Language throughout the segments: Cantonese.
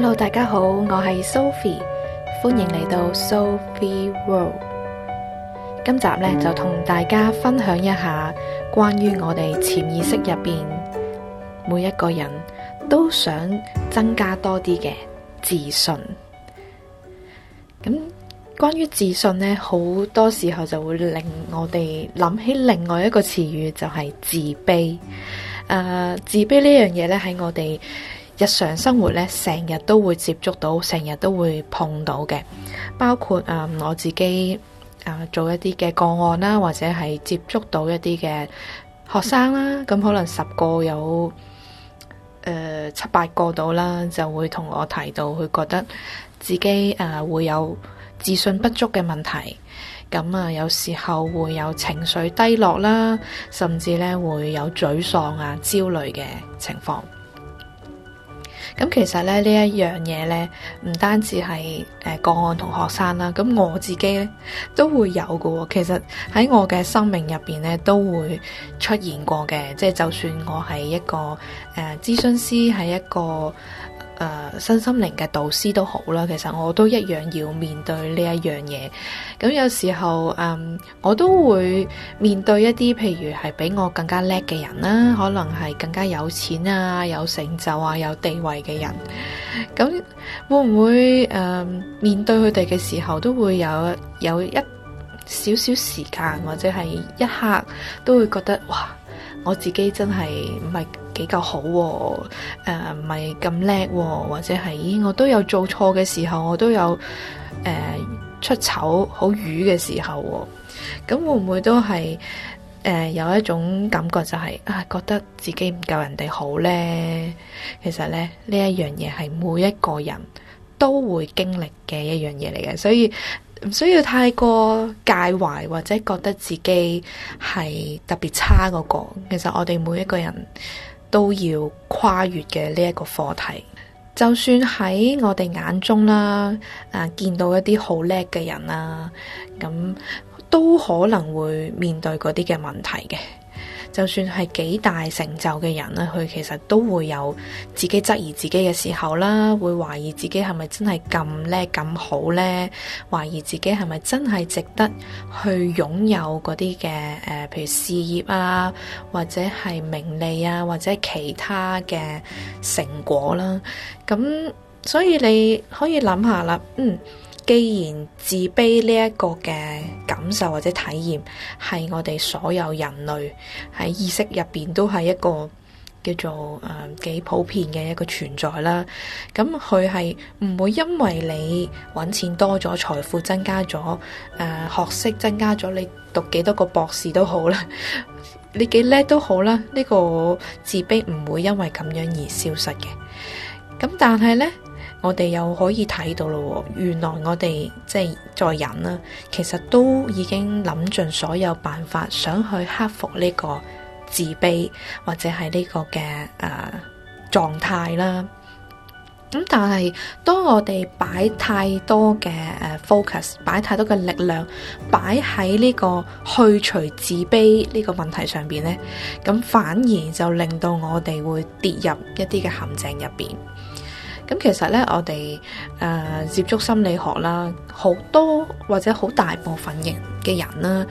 Hello，大家好，我係 Sophie，歡迎嚟到 Sophie World。今集咧就同大家分享一下關於我哋潛意識入邊每一個人都想增加多啲嘅自信。咁關於自信咧，好多時候就會令我哋諗起另外一個詞語就係、是、自卑。誒、呃，自卑呢樣嘢咧喺我哋，日常生活咧，成日都會接觸到，成日都會碰到嘅，包括啊、嗯，我自己啊，做一啲嘅個案啦，或者係接觸到一啲嘅學生啦，咁、啊、可能十個有誒、呃、七八個到啦，就會同我提到佢覺得自己啊會有自信不足嘅問題，咁啊，有時候會有情緒低落啦，甚至咧會有沮喪啊、焦慮嘅情況。咁其實咧，呢一樣嘢呢，唔單止係誒個案同學生啦，咁我自己咧都會有㗎喎、哦。其實喺我嘅生命入邊呢，都會出現過嘅。即係就算我係一個誒、呃、諮詢師，係一個。誒、呃，身心靈嘅導師都好啦，其實我都一樣要面對呢一樣嘢。咁有時候，嗯，我都會面對一啲譬如係比我更加叻嘅人啦，可能係更加有錢啊、有成就啊、有地位嘅人。咁會唔會誒、嗯、面對佢哋嘅時候，都會有有一少少時間或者係一刻，都會覺得哇，我自己真係唔係。比較好、啊，誒、呃，唔係咁叻，或者係我都有做錯嘅時候，我都有誒、呃、出醜、好瘀嘅時候、啊，咁、嗯、會唔會都係誒、呃、有一種感覺就係、是、啊，覺得自己唔夠人哋好呢？其實咧呢一樣嘢係每一個人都會經歷嘅一樣嘢嚟嘅，所以唔需要太過介懷，或者覺得自己係特別差嗰、那個。其實我哋每一個人。都要跨越嘅呢一個課題，就算喺我哋眼中啦，啊見到一啲好叻嘅人啦，咁、啊、都可能會面對嗰啲嘅問題嘅。就算係幾大成就嘅人咧，佢其實都會有自己質疑自己嘅時候啦，會懷疑自己係咪真係咁叻咁好呢？懷疑自己係咪真係值得去擁有嗰啲嘅誒，譬如事業啊，或者係名利啊，或者其他嘅成果啦，啊。咁所以你可以諗下啦，嗯。既然自卑呢一個嘅感受或者體驗係我哋所有人類喺意識入邊都係一個叫做誒幾、呃、普遍嘅一個存在啦，咁佢係唔會因為你揾錢多咗、財富增加咗、誒、呃、學識增加咗、你讀幾多個博士都好啦， 你幾叻都好啦，呢、呢個自卑唔會因為咁樣而消失嘅。咁、嗯、但係呢。我哋又可以睇到咯，原來我哋即係在忍啦，其實都已經諗盡所有辦法，想去克服呢個自卑或者係呢個嘅誒、呃、狀態啦。咁但係當我哋擺太多嘅 focus，擺太多嘅力量擺喺呢個去除自卑呢個問題上邊咧，咁反而就令到我哋會跌入一啲嘅陷阱入邊。咁其實咧，我哋誒、呃、接觸心理學啦，好多或者好大部分嘅嘅人啦，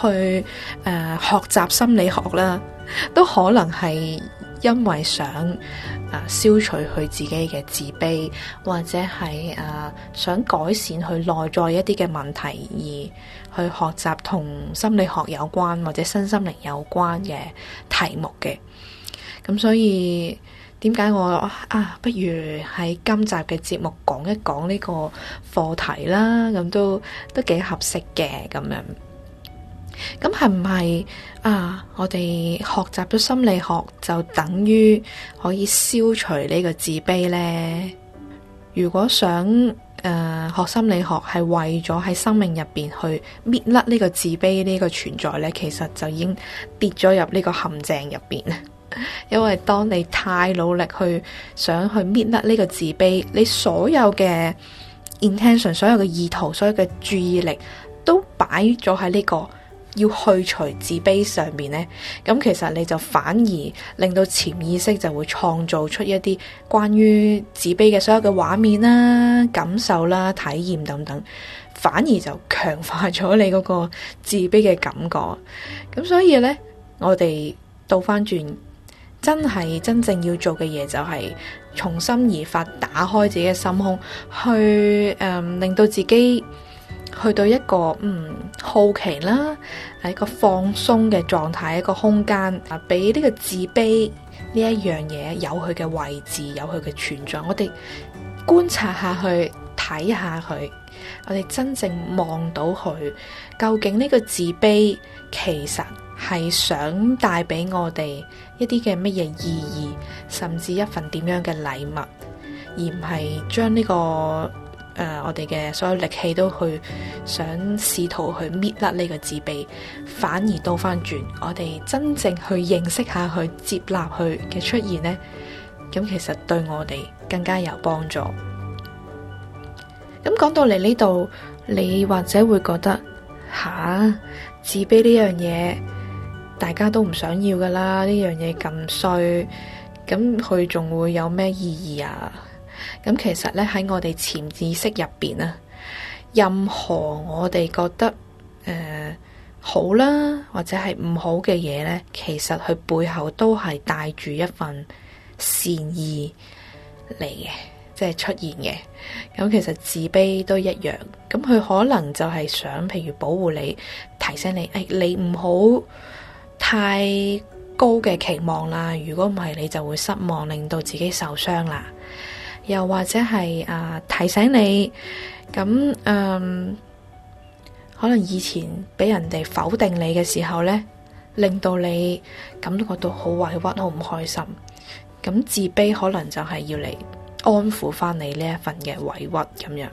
去誒、呃、學習心理學啦，都可能係因為想啊、呃、消除佢自己嘅自卑，或者係誒、呃、想改善佢內在一啲嘅問題而去學習同心理學有關或者身心靈有關嘅題目嘅。咁所以。點解我啊？不如喺今集嘅節目講一講呢個課題啦，咁都都幾合適嘅。咁樣。咁係唔係啊？我哋學習咗心理學就等於可以消除呢個自卑呢？如果想誒、呃、學心理學係為咗喺生命入邊去搣甩呢個自卑呢個存在呢，其實就已經跌咗入呢個陷阱入邊。因為當你太努力去想去搣甩呢個自卑，你所有嘅 intention、所有嘅意圖、所有嘅注意力都擺咗喺呢個要去除自卑上面。呢，咁其實你就反而令到潛意識就會創造出一啲關於自卑嘅所有嘅畫面啦、啊、感受啦、啊、體驗等等，反而就強化咗你嗰個自卑嘅感覺。咁所以呢，我哋倒翻轉。真係真正要做嘅嘢，就係從心而發，打開自己嘅心胸，去誒、嗯、令到自己去到一個嗯好奇啦，一個放鬆嘅狀態，一個空間，啊，俾呢個自卑呢一樣嘢有佢嘅位置，有佢嘅存在。我哋觀察下去，睇下佢，我哋真正望到佢究竟呢個自卑其實。係想帶俾我哋一啲嘅乜嘢意義，甚至一份點樣嘅禮物，而唔係將呢個誒、呃、我哋嘅所有力氣都去想試圖去搣甩呢個自卑，反而倒翻轉，我哋真正去認識下去接納佢嘅出現呢，咁其實對我哋更加有幫助。咁講到嚟呢度，你或者會覺得，吓，自卑呢樣嘢？大家都唔想要噶啦，呢樣嘢咁衰，咁佢仲會有咩意義啊？咁其實呢，喺我哋潛意識入邊啊，任何我哋覺得誒、呃、好啦，或者係唔好嘅嘢呢，其實佢背後都係帶住一份善意嚟嘅，即係出現嘅。咁其實自卑都一樣，咁佢可能就係想，譬如保護你，提醒你，誒、哎，你唔好。太高嘅期望啦，如果唔係，你就會失望，令到自己受傷啦。又或者係啊、呃，提醒你，咁嗯，可能以前俾人哋否定你嘅時候呢，令到你感覺到好委屈，好唔開心。咁自卑可能就係要嚟安撫翻你呢一份嘅委屈咁樣。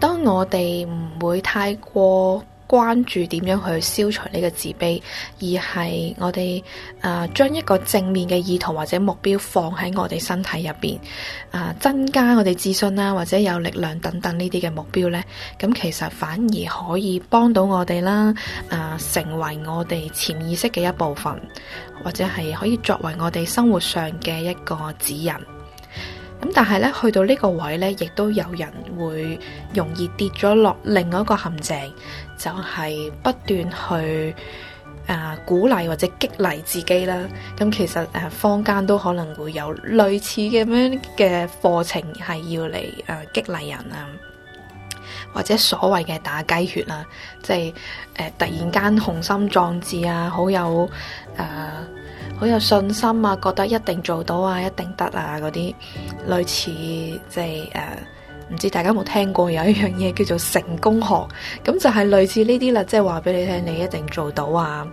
當我哋唔會太過，關注點樣去消除呢個自卑，而係我哋誒、呃、將一個正面嘅意圖或者目標放喺我哋身體入邊，誒、呃、增加我哋自信啦，或者有力量等等呢啲嘅目標呢，咁其實反而可以幫到我哋啦，誒、呃、成為我哋潛意識嘅一部分，或者係可以作為我哋生活上嘅一個指引。咁但係咧，去到呢個位咧，亦都有人會容易跌咗落另外一個陷阱，就係、是、不斷去啊、呃、鼓勵或者激勵自己啦。咁、嗯、其實誒坊間都可能會有類似咁樣嘅課程，係要嚟誒激勵人啊。或者所謂嘅打雞血啊，即係誒、呃、突然間雄心壯志啊，好有誒好、呃、有信心啊，覺得一定做到啊，一定得啊嗰啲，類似即係誒唔知大家有冇聽過有一樣嘢叫做成功學，咁就係類似呢啲啦，即係話俾你聽，你一定做到啊！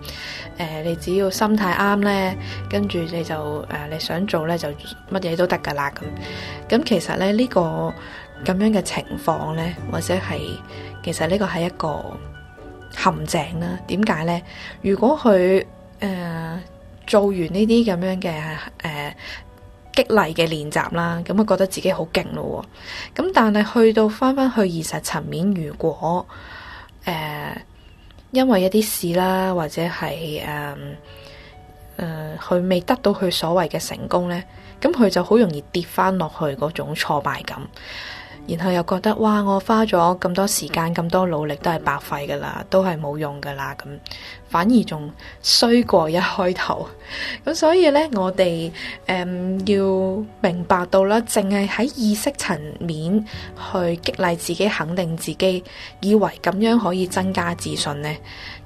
誒、呃，你只要心態啱呢，跟住你就誒、呃、你想做呢，就乜嘢都得噶啦咁。咁其實咧呢個。咁樣嘅情況呢，或者係其實呢個係一個陷阱啦。點解呢？如果佢誒、呃、做完呢啲咁樣嘅誒、呃、激勵嘅練習啦，咁佢覺得自己好勁咯。咁但係去到翻翻去現實層面，如果誒、呃、因為一啲事啦，或者係誒誒佢未得到佢所謂嘅成功呢，咁佢就好容易跌翻落去嗰種挫敗感。然後又覺得哇，我花咗咁多時間、咁多努力都係白費噶啦，都係冇用噶啦，咁反而仲衰過一開頭。咁 所以呢，我哋誒、嗯、要明白到啦，淨係喺意識層面去激勵自己、肯定自己，以為咁樣可以增加自信呢，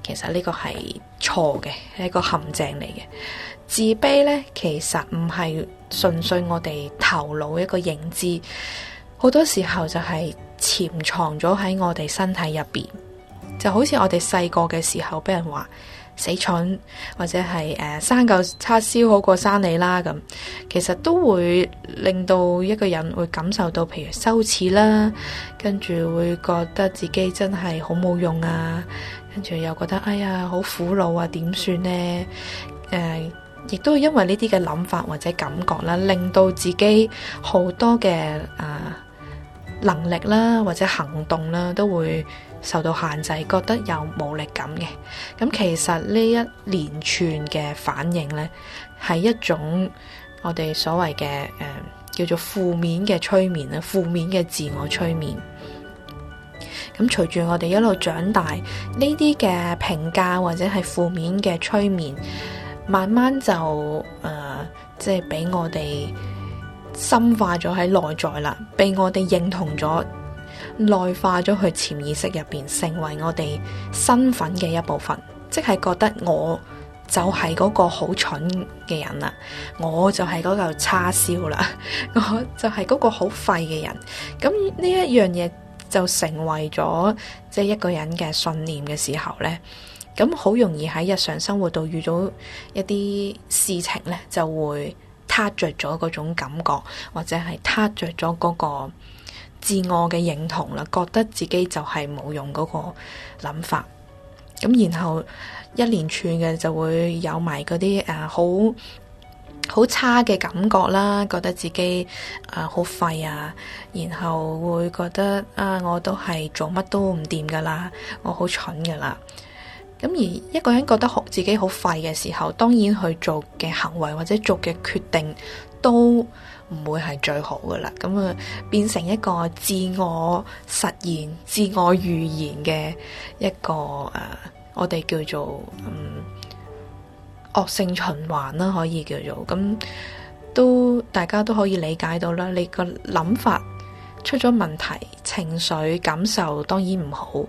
其實呢個係錯嘅，係一個陷阱嚟嘅。自卑呢，其實唔係純粹我哋頭腦一個認知。好多時候就係潛藏咗喺我哋身體入邊，就好似我哋細個嘅時候俾人話死蠢或者係誒、呃、生舊叉燒好過生你啦咁，其實都會令到一個人會感受到譬如羞恥啦，跟住會覺得自己真係好冇用啊，跟住又覺得哎呀好苦惱啊，點算呢？誒、呃，亦都因為呢啲嘅諗法或者感覺啦，令到自己好多嘅啊。呃能力啦，或者行動啦，都會受到限制，覺得有無力感嘅。咁其實呢一連串嘅反應呢，係一種我哋所謂嘅誒叫做負面嘅催眠啦，負面嘅自我催眠。咁隨住我哋一路長大，呢啲嘅評價或者係負面嘅催眠，慢慢就誒、呃、即係俾我哋。深化咗喺內在啦，被我哋認同咗、內化咗去潛意識入邊，成為我哋身份嘅一部分，即係覺得我就係嗰個好蠢嘅人啦，我就係嗰嚿叉燒啦，我就係嗰個好廢嘅人。咁呢一樣嘢就成為咗即係一個人嘅信念嘅時候呢。咁好容易喺日常生活度遇到一啲事情呢，就會。撻着咗嗰種感覺，或者係撻着咗嗰個自我嘅認同啦，覺得自己就係冇用嗰個諗法，咁然後一連串嘅就會有埋嗰啲誒好好差嘅感覺啦，覺得自己啊好、呃、廢啊，然後會覺得啊我都係做乜都唔掂噶啦，我好蠢噶啦。咁而一個人覺得好自己好廢嘅時候，當然去做嘅行為或者做嘅決定都唔會係最好噶啦。咁啊，變成一個自我實現、自我預言嘅一個誒、啊，我哋叫做嗯、惡性循環啦，可以叫做咁，都大家都可以理解到啦。你個諗法，出咗問題，情緒感受當然唔好。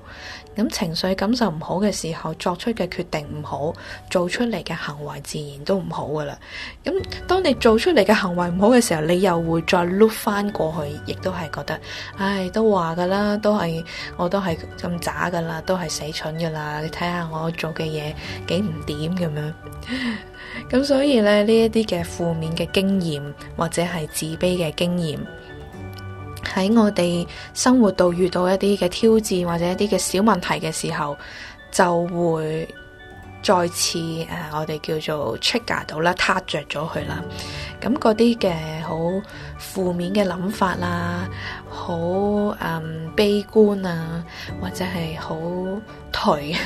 咁情緒感受唔好嘅時候，作出嘅決定唔好，做出嚟嘅行為自然都唔好噶啦。咁當你做出嚟嘅行為唔好嘅時候，你又會再碌翻過去，亦都係覺得，唉，都話噶啦，都係我都係咁渣噶啦，都係死蠢噶啦。你睇下我做嘅嘢幾唔掂咁樣。咁所以咧，呢一啲嘅負面嘅經驗或者係自卑嘅經驗。喺我哋生活度遇到一啲嘅挑戰或者一啲嘅小問題嘅時候，就會再次誒、啊，我哋叫做 trigger 到啦，撻着咗佢啦。咁嗰啲嘅好負面嘅諗法啦，好誒、嗯、悲觀啊，或者係好頹啊，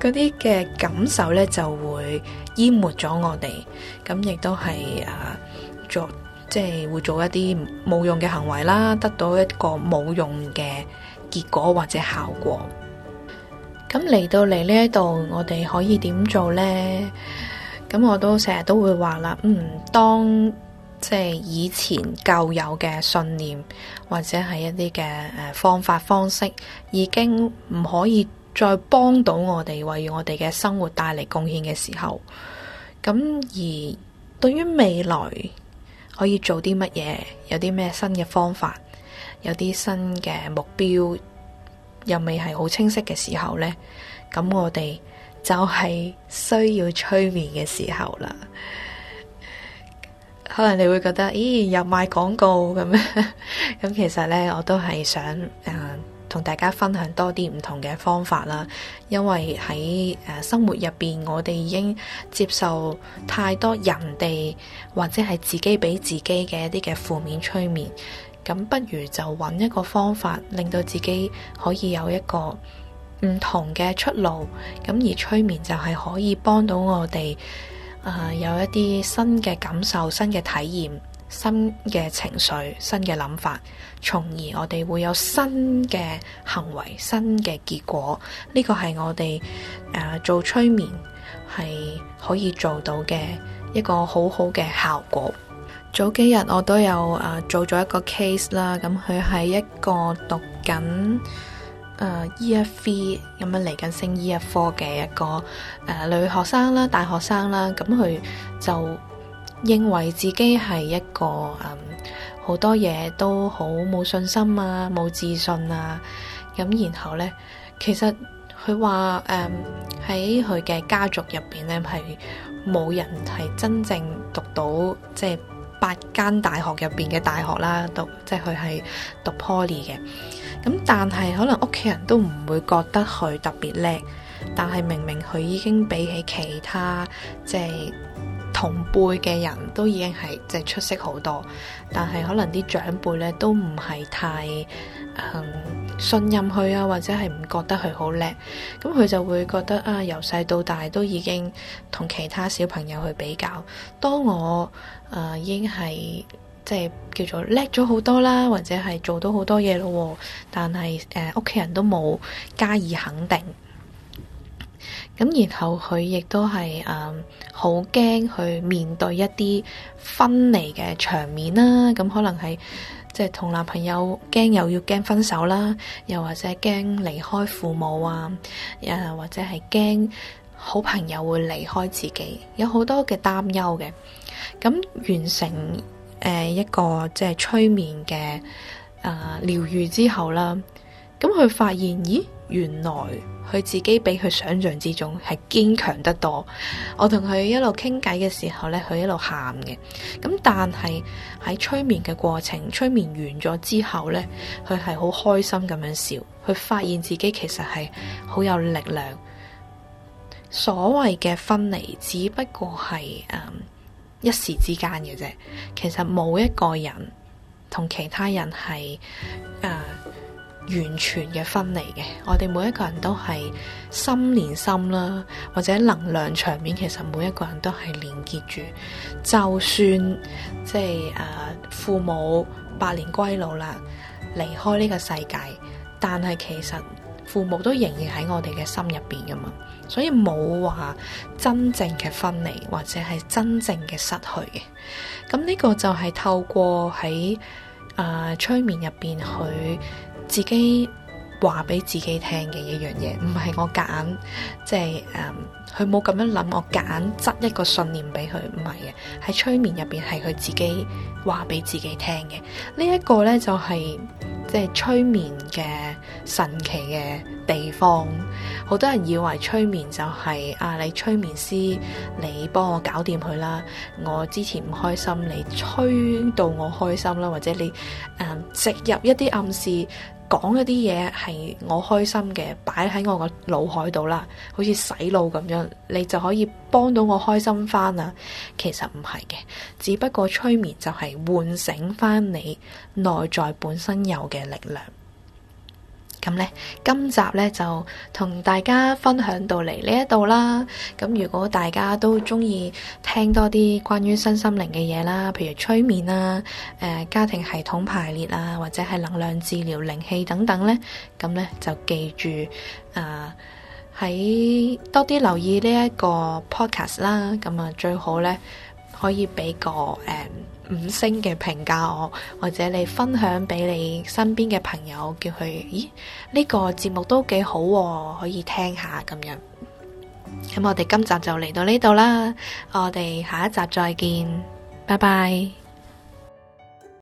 嗰啲嘅感受咧，就會淹沒咗我哋。咁亦都係啊作。即係會做一啲冇用嘅行為啦，得到一個冇用嘅結果或者效果。咁嚟到嚟呢一度，我哋可以點做呢？咁我都成日都會話啦，嗯，當即係以前舊有嘅信念或者係一啲嘅誒方法方式，已經唔可以再幫到我哋，為我哋嘅生活帶嚟貢獻嘅時候，咁而對於未來，可以做啲乜嘢？有啲咩新嘅方法？有啲新嘅目標又未係好清晰嘅時候呢，咁我哋就係需要催眠嘅時候啦。可能你會覺得，咦、欸？又賣廣告咁樣？咁 其實呢，我都係想誒。呃同大家分享多啲唔同嘅方法啦，因為喺誒生活入邊，我哋已經接受太多人哋或者係自己俾自己嘅一啲嘅負面催眠，咁不如就揾一個方法，令到自己可以有一個唔同嘅出路，咁而催眠就係可以幫到我哋誒、呃、有一啲新嘅感受、新嘅體驗。新嘅情緒、新嘅諗法，從而我哋會有新嘅行為、新嘅結果。呢、這個係我哋誒、呃、做催眠係可以做到嘅一個好好嘅效果。早幾日我都有誒、呃、做咗一個 case 啦，咁佢係一個讀緊誒 E.F. e 咁樣嚟緊升 E.F. 科嘅一個誒、呃、女學生啦、大學生啦，咁、嗯、佢就。認為自己係一個嗯，好多嘢都好冇信心啊，冇自信啊，咁然後呢，其實佢話誒，喺佢嘅家族入邊呢，係冇人係真正讀到即係八間大學入邊嘅大學啦，讀即係佢係讀 Poly 嘅，咁但係可能屋企人都唔會覺得佢特別叻，但係明明佢已經比起其他即係、就是同輩嘅人都已經係即係出色好多，但係可能啲長輩呢都唔係太、嗯、信任佢啊，或者係唔覺得佢好叻，咁佢就會覺得啊，由細到大都已經同其他小朋友去比較。當我誒、呃、已經係即係叫做叻咗好多啦，或者係做到好多嘢咯，但係誒屋企人都冇加以肯定。咁然後佢亦都係誒好驚去面對一啲分離嘅場面啦，咁可能係即係同男朋友驚又要驚分手啦，又或者驚離開父母啊，又或者係驚好朋友會離開自己，有好多嘅擔憂嘅。咁完成誒、呃、一個即係催眠嘅誒療癒之後啦，咁佢發現咦？原來佢自己比佢想像之中係堅強得多。我同佢一路傾偈嘅時候咧，佢一路喊嘅。咁但係喺催眠嘅過程，催眠完咗之後，呢佢係好開心咁樣笑。佢發現自己其實係好有力量。所謂嘅分離，只不過係、呃、一時之間嘅啫。其實冇一個人同其他人係誒、呃完全嘅分離嘅，我哋每一個人都係心連心啦，或者能量場面其實每一個人都係連結住。就算即係即係誒父母百年歸老啦，離開呢個世界，但係其實父母都仍然喺我哋嘅心入邊㗎嘛，所以冇話真正嘅分離或者係真正嘅失去嘅。咁呢個就係透過喺誒、呃、催眠入邊去。自己話俾自己聽嘅一、就是嗯、樣嘢，唔係我夾硬，即係誒，佢冇咁樣諗，我夾硬執一個信念俾佢，唔係嘅。喺催眠入邊係佢自己話俾自己聽嘅。呢、這、一個呢，就係即係催眠嘅神奇嘅地方。好多人以為催眠就係、是、啊，你催眠師，你幫我搞掂佢啦。我之前唔開心，你催到我開心啦，或者你誒植、嗯、入一啲暗示。講一啲嘢係我開心嘅，擺喺我個腦海度啦，好似洗腦咁樣，你就可以幫到我開心翻啦。其實唔係嘅，只不過催眠就係喚醒翻你內在本身有嘅力量。咁咧，今集咧就同大家分享到嚟呢一度啦。咁如果大家都中意聽多啲關於身心靈嘅嘢啦，譬如催眠啊、誒、呃、家庭系統排列啊，或者係能量治療、靈氣等等咧，咁咧就記住啊，喺、呃、多啲留意呢一個 podcast 啦。咁啊，最好咧。可以俾個誒、uh，五星嘅評價我，或者你分享俾你身邊嘅朋友，叫佢，咦呢、呢個節目都幾好，啊，可以聽下咁樣。咁我哋今集就嚟到呢度啦，我哋下一集再見，拜拜。